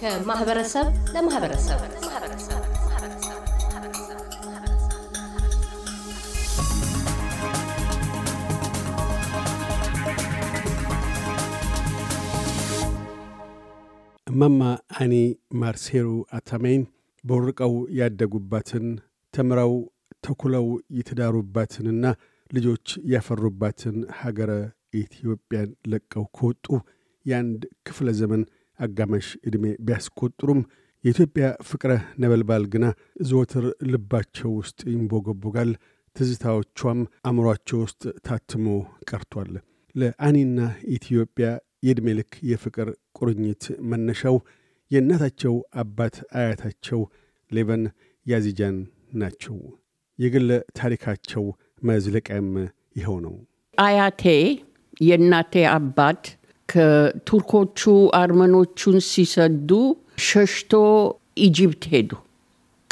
ከማህበረሰብ ለማህበረሰብ እማማ አኒ ማርሴሩ አታሜን በወርቀው ያደጉባትን ተምረው ተኩለው የተዳሩባትንና ልጆች ያፈሩባትን ሀገረ ኢትዮጵያን ለቀው ከወጡ የአንድ ክፍለ ዘመን አጋማሽ ዕድሜ ቢያስቆጥሩም የኢትዮጵያ ፍቅረ ነበልባል ግና ዘወትር ልባቸው ውስጥ ይንቦገቦጋል፣ ትዝታዎቿም አእምሯቸው ውስጥ ታትሞ ቀርቷል። ለአኒና ኢትዮጵያ የዕድሜ ልክ የፍቅር ቁርኝት መነሻው የእናታቸው አባት አያታቸው ሌቨን ያዚጃን ናቸው። የግል ታሪካቸው መዝለቀም ይኸው ነው። አያቴ የእናቴ አባት ከቱርኮቹ አርመኖቹን ሲሰዱ ሸሽቶ ኢጅፕት ሄዱ።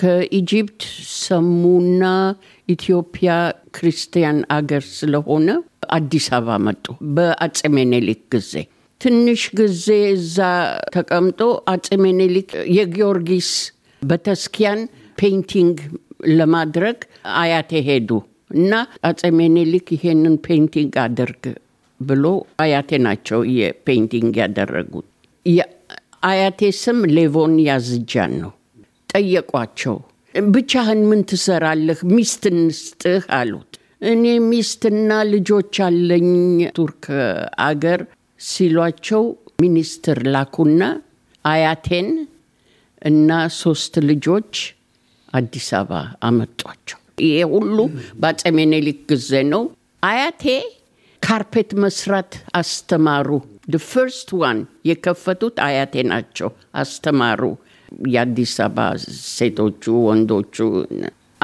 ከኢጅፕት ሰሙና ኢትዮጵያ ክርስቲያን አገር ስለሆነ አዲስ አበባ መጡ። በአጼ ሜኔሊክ ጊዜ ትንሽ ጊዜ እዛ ተቀምጦ አጼ ሜኔሊክ የጊዮርጊስ በተስኪያን ፔይንቲንግ ለማድረግ አያቴ ሄዱ እና አጼ ሜኒሊክ ይሄንን ፔይንቲንግ አድርግ ብሎ አያቴ ናቸው የፔንቲንግ ያደረጉት። የአያቴ ስም ሌቮን ያዝጃን ነው። ጠየቋቸው፣ ብቻህን ምን ትሰራለህ? ሚስት እንስጥህ አሉት። እኔ ሚስትና ልጆች አለኝ ቱርክ አገር ሲሏቸው ሚኒስትር ላኩና አያቴን እና ሶስት ልጆች አዲስ አበባ አመጧቸው። ይሄ ሁሉ በአጼ ምኒልክ ጊዜ ነው። አያቴ ካርፔት መስራት አስተማሩ። ፈርስት ዋን የከፈቱት አያቴ ናቸው። አስተማሩ የአዲስ አበባ ሴቶቹ፣ ወንዶቹ።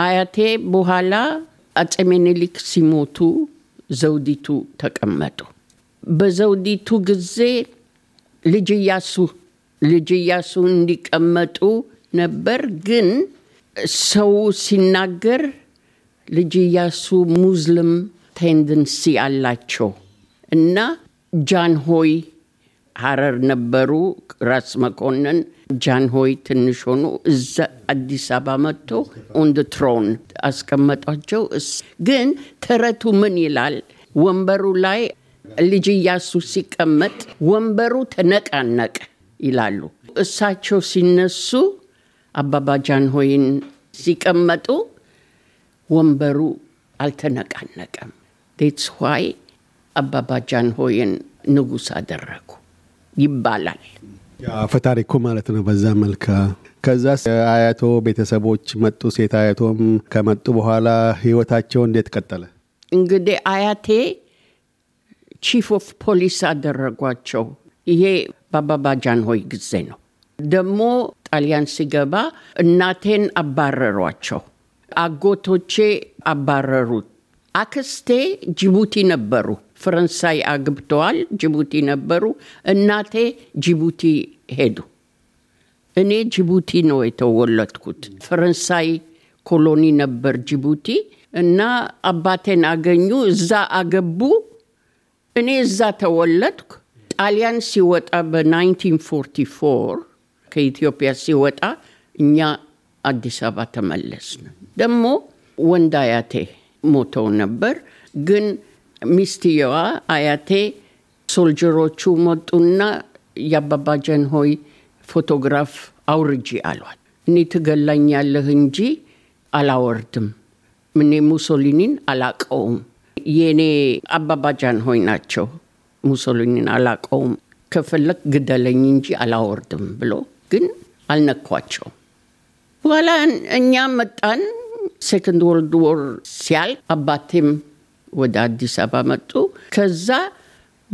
አያቴ በኋላ አጼ ምኒልክ ሲሞቱ ዘውዲቱ ተቀመጡ። በዘውዲቱ ጊዜ ልጅ እያሱ ልጅ እያሱ እንዲቀመጡ ነበር ግን ሰው ሲናገር ልጅ እያሱ ሙዝልም ቴንደንሲ አላቸው እና ጃንሆይ ሀረር ነበሩ። ራስ መኮንን ጃንሆይ ትንሽ ሆኑ እዛ አዲስ አበባ መጥቶ ኦን ትሮን አስቀመጧቸው። ግን ተረቱ ምን ይላል? ወንበሩ ላይ ልጅ እያሱ ሲቀመጥ ወንበሩ ተነቃነቀ ይላሉ። እሳቸው ሲነሱ አባባ ጃንሆይን ሲቀመጡ ወንበሩ አልተነቃነቀም። ዴትስ ዋይ አባባ ጃንሆይን ንጉሥ አደረጉ ይባላል። አፈ ማለት ነው። በዛ መልክ ከዛ አያቶ ቤተሰቦች መጡ። ሴት አያቶም ከመጡ በኋላ ህይወታቸው እንዴት ቀጠለ? እንግዲህ አያቴ ቺፍ ኦፍ ፖሊስ አደረጓቸው። ይሄ በአባባ ጃንሆይ ጊዜ ነው። ደግሞ ጣሊያን ሲገባ እናቴን አባረሯቸው። አጎቶቼ አባረሩት። አክስቴ ጅቡቲ ነበሩ። ፈረንሳይ አግብተዋል፣ ጅቡቲ ነበሩ። እናቴ ጅቡቲ ሄዱ። እኔ ጅቡቲ ነው የተወለድኩት። ፈረንሳይ ኮሎኒ ነበር ጅቡቲ እና አባቴን አገኙ፣ እዛ አገቡ። እኔ እዛ ተወለድኩ። ጣሊያን ሲወጣ በ1944 ከኢትዮጵያ ሲወጣ እኛ አዲስ አበባ ተመለስን። ደግሞ ወንድ አያቴ ሞተው ነበር፣ ግን ሚስትየዋ አያቴ ሶልጀሮቹ መጡና የአባባ ጀንሆይ ፎቶግራፍ አውርጂ አሏት። እኔ ትገላኛለህ እንጂ አላወርድም፣ እኔ ሙሶሊኒን አላቀውም። የእኔ አባባ ጃንሆይ ናቸው። ሙሶሊኒን አላቀውም፣ ከፈለግ ግደለኝ እንጂ አላወርድም ብሎ ግን አልነኳቸው። በኋላ እኛ መጣን። ሴንድ ወርልድ ወር ሲያልቅ አባቴም ወደ አዲስ አበባ መጡ። ከዛ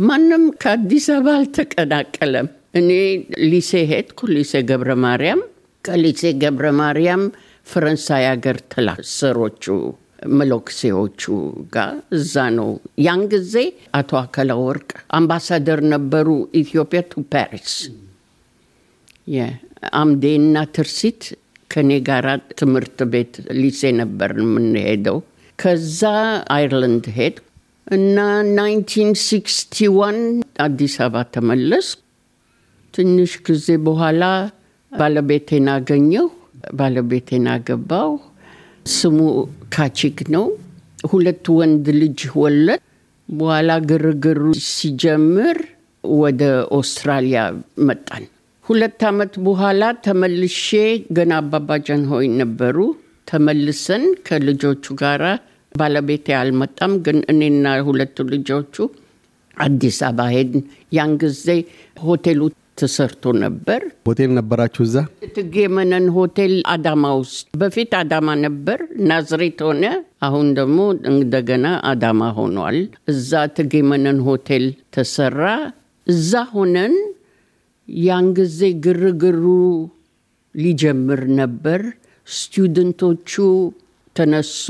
ማንም ከአዲስ አበባ አልተቀናቀለም። እኔ ሊሴ ሄድኩ፣ ሊሴ ገብረ ማርያም። ከሊሴ ገብረ ማርያም ፈረንሳይ ሀገር ትላሰሮቹ መሎክሴዎቹ ጋር እዛ ነው። ያን ጊዜ አቶ አከላ ወርቅ አምባሳደር ነበሩ ኢትዮጵያ ቱ ፓሪስ አምዴና ትርሲት ከኔ ጋራ ትምህርት ቤት ሊሴ ነበር የምንሄደው። ከዛ አይርላንድ ሄድ እና 1961 አዲስ አበባ ተመለስ። ትንሽ ጊዜ በኋላ ባለቤቴን አገኘው፣ ባለቤቴን አገባው። ስሙ ካቺክ ነው። ሁለት ወንድ ልጅ ወለድ። በኋላ ግርግሩ ሲጀምር ወደ ኦስትራሊያ መጣን። ሁለት ዓመት በኋላ ተመልሼ ገና አባባ ጃንሆይ ነበሩ። ተመልሰን ከልጆቹ ጋር ባለቤቴ አልመጣም፣ ግን እኔና ሁለቱ ልጆቹ አዲስ አበባ ሄድን። ያን ጊዜ ሆቴሉ ተሰርቶ ነበር። ሆቴል ነበራችሁ እዛ? እቴጌ መነን ሆቴል አዳማ ውስጥ። በፊት አዳማ ነበር፣ ናዝሬት ሆነ። አሁን ደግሞ እንደገና አዳማ ሆኗል። እዛ እቴጌ መነን ሆቴል ተሰራ። እዛ ሆነን ያን ጊዜ ግርግሩ ሊጀምር ነበር። ስቱደንቶቹ ተነሱ፣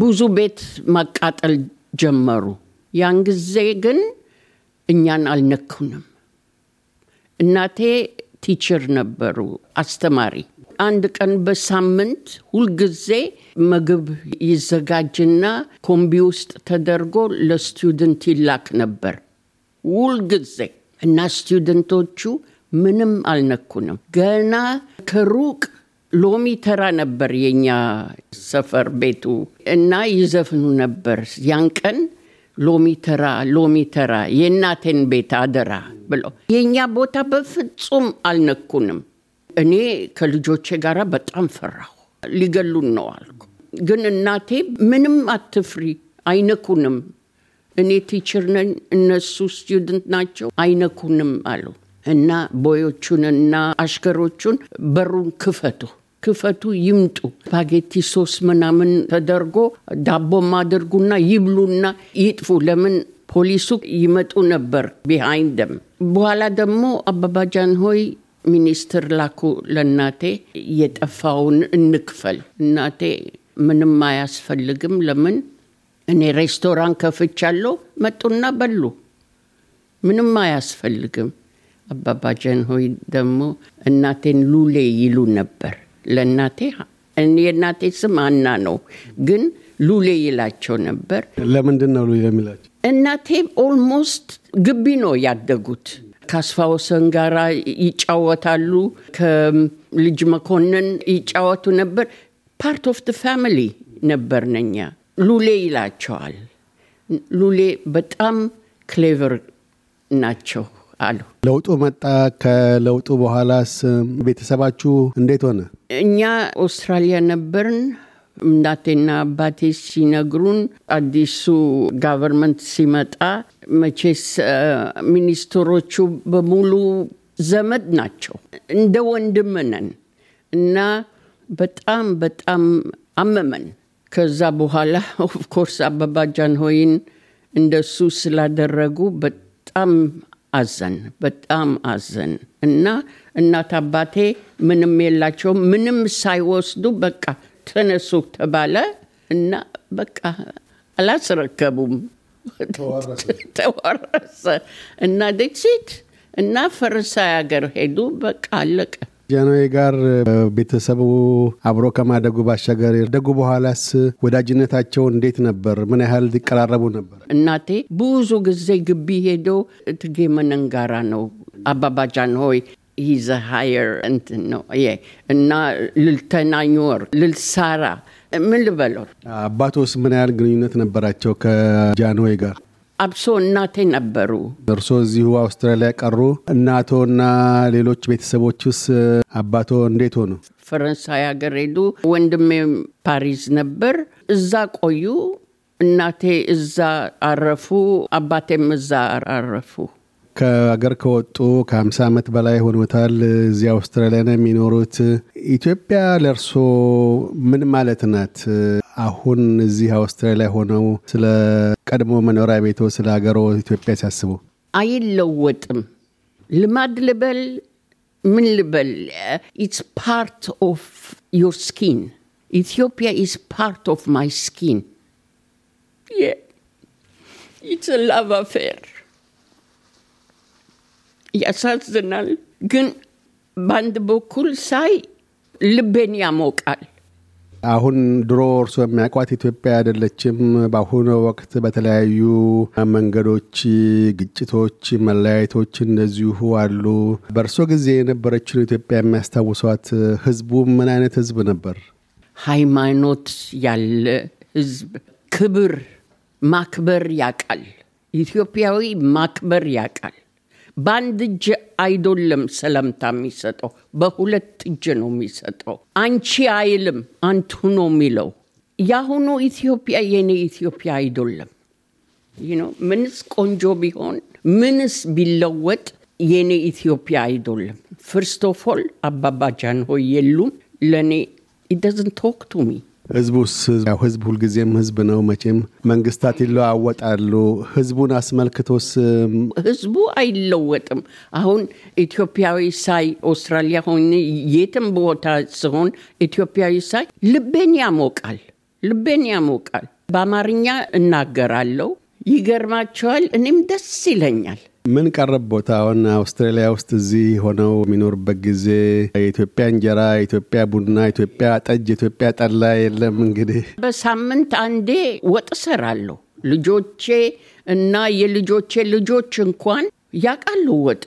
ብዙ ቤት ማቃጠል ጀመሩ። ያን ጊዜ ግን እኛን አልነኩንም። እናቴ ቲቸር ነበሩ፣ አስተማሪ። አንድ ቀን በሳምንት ሁልጊዜ ምግብ ይዘጋጅና ኮምቢ ውስጥ ተደርጎ ለስቱደንት ይላክ ነበር ሁልጊዜ እና ስቱደንቶቹ ምንም አልነኩንም። ገና ከሩቅ ሎሚ ተራ ነበር የኛ ሰፈር ቤቱ እና ይዘፍኑ ነበር። ያን ቀን ሎሚ ተራ ሎሚ ተራ የእናቴን ቤት አደራ ብለው የእኛ ቦታ በፍጹም አልነኩንም። እኔ ከልጆቼ ጋር በጣም ፈራሁ። ሊገሉን ነው አልኩ። ግን እናቴ ምንም አትፍሪ፣ አይነኩንም። እኔ ቲችር ነኝ፣ እነሱ ስቱደንት ናቸው፣ አይነኩንም አሉ። እና ቦዮቹንና አሽከሮቹን በሩን ክፈቱ ክፈቱ ይምጡ። ስፓጌቲ ሶስ ምናምን ተደርጎ ዳቦም አድርጉና ይብሉና ይጥፉ። ለምን ፖሊሱ ይመጡ ነበር ቢሃይንደም በኋላ ደግሞ አባባጃን ሆይ ሚኒስትር ላኩ ለእናቴ የጠፋውን እንክፈል። እናቴ ምንም አያስፈልግም፣ ለምን እኔ ሬስቶራንት ከፍቻለሁ። መጡና በሉ፣ ምንም አያስፈልግም። አባባ ጀንሆይ ደግሞ እናቴን ሉሌ ይሉ ነበር። ለእናቴ የእናቴ ስም አና ነው፣ ግን ሉሌ ይላቸው ነበር። ለምንድን ነው ሉሌ የሚላቸው? እናቴ ኦልሞስት ግቢ ነው ያደጉት። ከአስፋ ወሰን ጋራ ይጫወታሉ። ከልጅ መኮንን ይጫወቱ ነበር። ፓርት ኦፍ ድ ፋሚሊ ነበር ነኛ። ሉሌ ይላቸዋል። ሉሌ በጣም ክሌቨር ናቸው። አሉ። ለውጡ መጣ። ከለውጡ በኋላስ ቤተሰባችሁ እንዴት ሆነ? እኛ ኦስትራሊያ ነበርን። እናቴና አባቴ ሲነግሩን አዲሱ ጋቨርንመንት ሲመጣ መቼስ ሚኒስትሮቹ በሙሉ ዘመድ ናቸው፣ እንደ ወንድም ነን እና በጣም በጣም አመመን። ከዛ በኋላ ኦፍኮርስ አበባ ጃንሆይን እንደሱ ስላደረጉ በጣም አዘን፣ በጣም አዘን እና እናት አባቴ ምንም የላቸውም። ምንም ሳይወስዱ በቃ ተነሱ ተባለ እና በቃ አላስረከቡም፣ ተወረሰ እና ደሴት እና ፈረንሳይ ሀገር ሄዱ። በቃ አለቀ። ጃንሆይ ጋር ቤተሰቡ አብሮ ከማደጉ ባሻገር ደጉ በኋላስ ወዳጅነታቸው እንዴት ነበር? ምን ያህል ይቀራረቡ ነበር? እናቴ ብዙ ጊዜ ግቢ ሄዶ እትጌ መነንጋራ ነው አባባ ጃንሆይ ሂዘ ሃየር እንትን ነው እና ልልተናኝወር ልልሳራ ምን ልበለው። አባቶስ ምን ያህል ግንኙነት ነበራቸው ከጃንሆይ ጋር? አብሶ እናቴ ነበሩ። እርሶ እዚሁ አውስትራሊያ ቀሩ? እናቶና ሌሎች ቤተሰቦችስ? አባቶ እንዴት ሆኑ? ፈረንሳይ ሀገር ሄዱ። ወንድሜ ፓሪስ ነበር፣ እዛ ቆዩ። እናቴ እዛ አረፉ፣ አባቴም እዛ አረፉ። ከሀገር ከወጡ ከ50 ዓመት በላይ ሆኖታል። እዚህ አውስትራሊያ ነው የሚኖሩት። ኢትዮጵያ ለእርሶ ምን ማለት ናት? አሁን እዚህ አውስትራሊያ ሆነው ስለ ቀድሞ መኖሪያ ቤቶ፣ ስለ ሀገሮ ኢትዮጵያ ሲያስቡ አይለወጥም። ልማድ ልበል ምን ልበል፣ ኢትስ ፓርት ኦፍ ዮር ስኪን ኢትዮጵያ ኢስ ፓርት ኦፍ ማይ ስኪን ኢትስ ላቭ አፌር ያሳዝናል። ግን በአንድ በኩል ሳይ ልቤን ያሞቃል። አሁን ድሮ እርሶ የሚያውቋት ኢትዮጵያ አይደለችም። በአሁኑ ወቅት በተለያዩ መንገዶች ግጭቶች፣ መለያየቶች እንደዚሁ አሉ። በእርሶ ጊዜ የነበረችን ኢትዮጵያ የሚያስታውሷት ህዝቡ ምን አይነት ህዝብ ነበር? ሃይማኖት ያለ ህዝብ፣ ክብር፣ ማክበር ያቃል። ኢትዮጵያዊ ማክበር ያቃል። በአንድ እጅ አይዶልም ሰላምታ የሚሰጠው በሁለት እጅ ነው የሚሰጠው። አንቺ አይልም አንቱ ነው የሚለው። የአሁኑ ኢትዮጵያ የኔ ኢትዮጵያ አይዶለም። ምንስ ቆንጆ ቢሆን ምንስ ቢለወጥ የኔ ኢትዮጵያ አይዶልም። ፍርስቶፎል አባባ ጃንሆይ የሉም ለእኔ ኢደዝን ቶክ ቱ ሚ ህዝቡስ ያው ህዝብ ሁልጊዜም ህዝብ ነው። መቼም መንግስታት ይለዋወጣሉ። ህዝቡን አስመልክቶስ ህዝቡ አይለወጥም። አሁን ኢትዮጵያዊ ሳይ ኦስትራሊያ ሆኜ የትም ቦታ ስሆን ኢትዮጵያዊ ሳይ ልቤን ያሞቃል፣ ልቤን ያሞቃል። በአማርኛ እናገራለሁ። ይገርማቸዋል። እኔም ደስ ይለኛል። ምን ቀረብ ቦታ አሁን አውስትራሊያ ውስጥ እዚህ ሆነው የሚኖርበት ጊዜ የኢትዮጵያ እንጀራ፣ የኢትዮጵያ ቡና፣ ኢትዮጵያ ጠጅ፣ ኢትዮጵያ ጠላ የለም። እንግዲህ በሳምንት አንዴ ወጥ እሰራለሁ። ልጆቼ እና የልጆቼ ልጆች እንኳን ያቃሉ ወጥ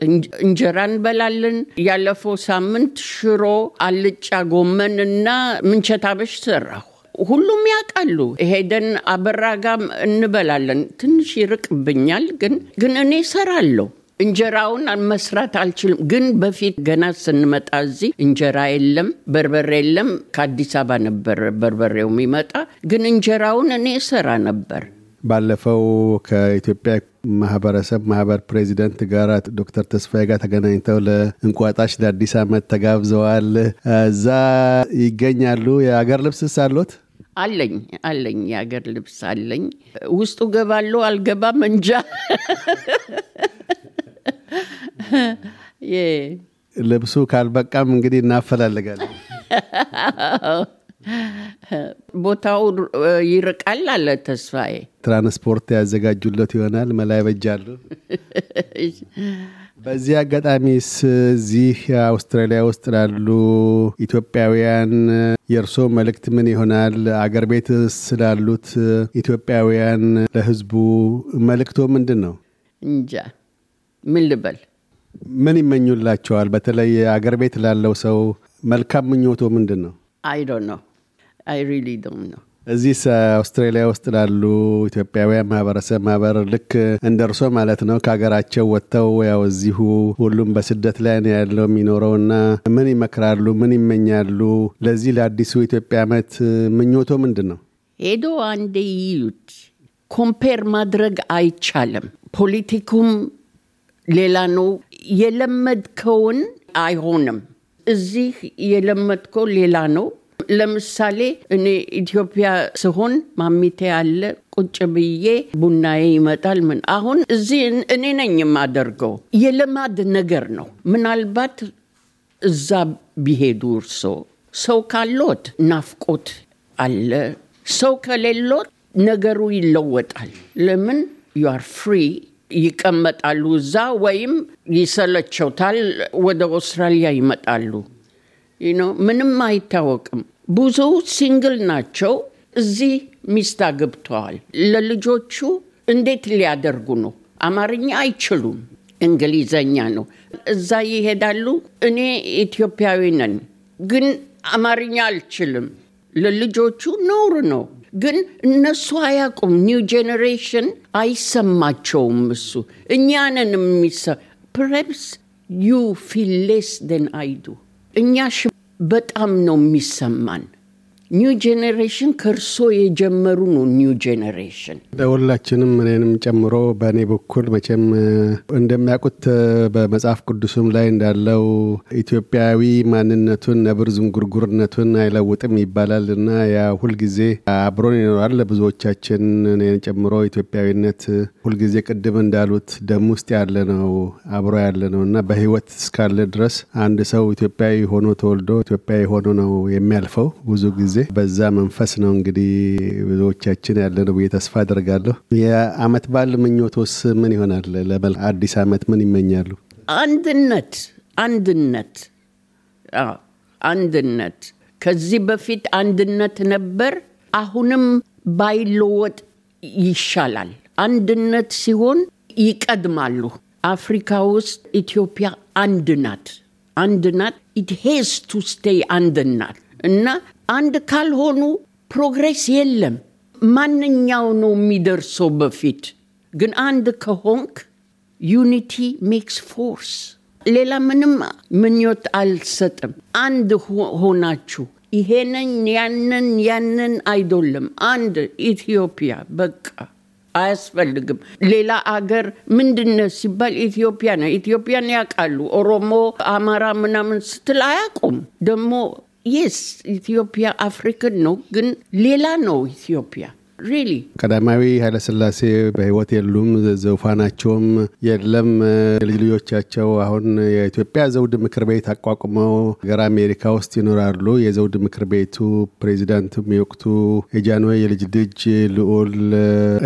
እንጀራ እንበላለን። ያለፈው ሳምንት ሽሮ፣ አልጫ፣ ጎመን እና ምንቸት አበሽ ሰራሁ። ሁሉም ያውቃሉ። ሄደን አበራ ጋም እንበላለን። ትንሽ ይርቅብኛል፣ ግን ግን እኔ ሰራለሁ። እንጀራውን መስራት አልችልም፣ ግን በፊት ገና ስንመጣ እዚህ እንጀራ የለም፣ በርበሬ የለም። ከአዲስ አበባ ነበር በርበሬው የሚመጣ፣ ግን እንጀራውን እኔ ሰራ ነበር። ባለፈው ከኢትዮጵያ ማህበረሰብ ማህበር ፕሬዚደንት ጋር ዶክተር ተስፋዬ ጋር ተገናኝተው ለእንቋጣሽ ለአዲስ ዓመት ተጋብዘዋል። እዛ ይገኛሉ። የአገር ልብስስ አሎት? አለኝ አለኝ የሀገር ልብስ አለኝ። ውስጡ ገባለሁ አልገባም እንጃ። ልብሱ ካልበቃም እንግዲህ እናፈላልጋለን። ቦታው ይርቃል አለ ተስፋዬ። ትራንስፖርት ያዘጋጁለት ይሆናል። መላ ይበጃሉ። በዚህ አጋጣሚስ እዚህ አውስትራሊያ ውስጥ ላሉ ኢትዮጵያውያን የእርሶ መልእክት ምን ይሆናል? አገር ቤት ስላሉት ኢትዮጵያውያን ለህዝቡ መልእክቶ ምንድን ነው? እንጃ ምን ልበል። ምን ይመኙላቸዋል? በተለይ አገር ቤት ላለው ሰው መልካም ምኞቶ ምንድን ነው? አይ ዶንት ኖ አይ ሪሊ ዶንት ኖ እዚህ አውስትራሊያ ውስጥ ላሉ ኢትዮጵያውያን ማህበረሰብ ማህበር ልክ እንደ እርሶ ማለት ነው ከሀገራቸው ወጥተው ያው እዚሁ ሁሉም በስደት ላይ ነው ያለው የሚኖረው እና ምን ይመክራሉ? ምን ይመኛሉ? ለዚህ ለአዲሱ ኢትዮጵያ ዓመት ምኞቶ ምንድን ነው? ሄዶ አንዴ ይዩት። ኮምፔር ማድረግ አይቻልም። ፖለቲኩም ሌላ ነው። የለመድከውን አይሆንም። እዚህ የለመድከው ሌላ ነው። ለምሳሌ እኔ ኢትዮጵያ ስሆን ማሚቴ አለ ቁጭ ብዬ ቡናዬ ይመጣል። ምን አሁን እዚህ እኔ ነኝ የማደርገው የልማድ ነገር ነው። ምናልባት እዛ ቢሄዱ እርሶ ሰው ካሎት ናፍቆት አለ። ሰው ከሌሎት ነገሩ ይለወጣል። ለምን ዩአር ፍሪ ይቀመጣሉ እዛ ወይም ይሰለቸውታል፣ ወደ አውስትራሊያ ይመጣሉ። ምንም አይታወቅም። ብዙ ሲንግል ናቸው። እዚህ ሚስት አግብተዋል። ለልጆቹ እንዴት ሊያደርጉ ነው? አማርኛ አይችሉም፣ እንግሊዘኛ ነው። እዛ ይሄዳሉ። እኔ ኢትዮጵያዊ ነን፣ ግን አማርኛ አልችልም። ለልጆቹ ነውር ነው። ግን እነሱ አያውቁም። ኒው ጄኔሬሽን አይሰማቸውም። እሱ እኛንን የሚሰ ፐርሃፕስ ዩ ፊል ሌስ ደን አይ ዱ እኛ በጣም ነው የሚሰማን ኒው ጄኔሬሽን ከእርሶ የጀመሩ ነው። ኒው ጄኔሬሽን ለሁላችንም እኔንም ጨምሮ በእኔ በኩል መቼም እንደሚያውቁት በመጽሐፍ ቅዱስም ላይ እንዳለው ኢትዮጵያዊ ማንነቱን ነብር ዝንጉርጉርነቱን አይለውጥም ይባላል እና ያ ሁልጊዜ አብሮን ይኖራል። ለብዙዎቻችን እኔን ጨምሮ ኢትዮጵያዊነት ሁልጊዜ ቅድም እንዳሉት ደም ውስጥ ያለ ነው አብሮ ያለ ነው እና በህይወት እስካለ ድረስ አንድ ሰው ኢትዮጵያዊ ሆኖ ተወልዶ ኢትዮጵያዊ ሆኖ ነው የሚያልፈው ብዙ ጊዜ በዛ መንፈስ ነው እንግዲህ ብዙዎቻችን ያለነው ብዬ ተስፋ አደርጋለሁ። የአመት በዓል ምኞቶስ ምን ይሆናል? አዲስ አመት ምን ይመኛሉ? አንድነት፣ አንድነት፣ አንድነት። ከዚህ በፊት አንድነት ነበር። አሁንም ባይለወጥ ይሻላል። አንድነት ሲሆን ይቀድማሉ። አፍሪካ ውስጥ ኢትዮጵያ አንድ ናት፣ አንድ ናት። ኢት ሄዝ ቱ ስቴይ አንድ ናት እና አንድ ካልሆኑ ፕሮግሬስ የለም። ማንኛው ነው የሚደርሰው በፊት? ግን አንድ ከሆንክ ዩኒቲ ሜክስ ፎርስ። ሌላ ምንም ምኞት አልሰጥም። አንድ ሆናችሁ ይሄንን ያንን ያንን አይደለም። አንድ ኢትዮጵያ በቃ አያስፈልግም። ሌላ አገር ምንድነ ሲባል ኢትዮጵያ ነው። ኢትዮጵያን ያውቃሉ። ኦሮሞ፣ አማራ ምናምን ስትል አያውቁም። ደግሞ Yes, Ethiopia, Africa, no, Gun, Lela, no, Ethiopia. ቀዳማዊ ኃይለስላሴ በህይወት የሉም፣ ዘውፋናቸውም የለም። ልጅ ልጆቻቸው አሁን የኢትዮጵያ ዘውድ ምክር ቤት አቋቁመው ሀገር አሜሪካ ውስጥ ይኖራሉ። የዘውድ ምክር ቤቱ ፕሬዚዳንትም የወቅቱ የጃንሆይ የልጅ ልጅ ልዑል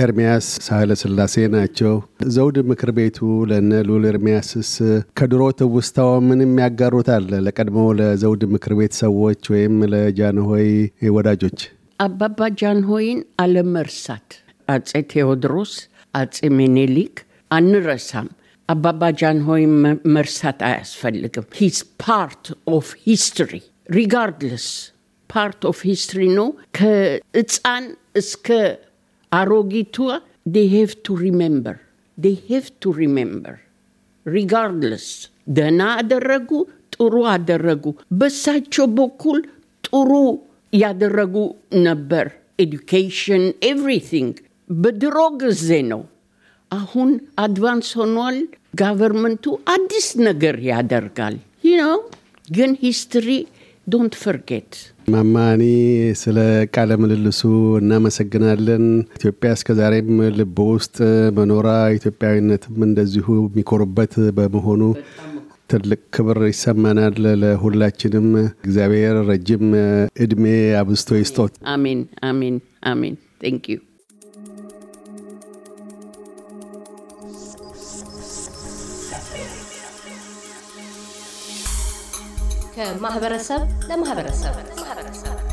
ኤርሚያስ ኃይለስላሴ ናቸው። ዘውድ ምክር ቤቱ ለነ ልዑል ኤርሚያስስ ከድሮ ትውስታው ምንም ያጋሩታል ለቀድሞ ለዘውድ ምክር ቤት ሰዎች ወይም ለጃንሆይ ወዳጆች? Ababa Janhoin Alemersat, at Theodros, at Menelik, Anurasam. Ababa Janhoin Mersat Asfalik. He's part of history, regardless. Part of history, no? It's an iske arogitua. They have to remember. They have to remember. Regardless. Dana adaragu, turu adaragu. Besacho chobokul turu ያደረጉ ነበር። ኤዱኬሽን ኤቭሪቲንግ በድሮ ጊዜ ነው። አሁን አድቫንስ ሆኗል። ጋቨርመንቱ አዲስ ነገር ያደርጋል። ይህ ነው ግን ሂስትሪ ዶንት ፈርጌት። ማማኒ ስለ ቃለ ምልልሱ እናመሰግናለን። ኢትዮጵያ ዛሬም ልብ ውስጥ መኖራ ኢትዮጵያዊነትም እንደዚሁ የሚኮሩበት በመሆኑ ትልቅ ክብር ይሰማናል። ለሁላችንም እግዚአብሔር ረጅም እድሜ አብዝቶ ይስጦት። አሜን፣ አሜን፣ አሜን። ቴንክ ዩ ከማህበረሰብ ለማህበረሰብ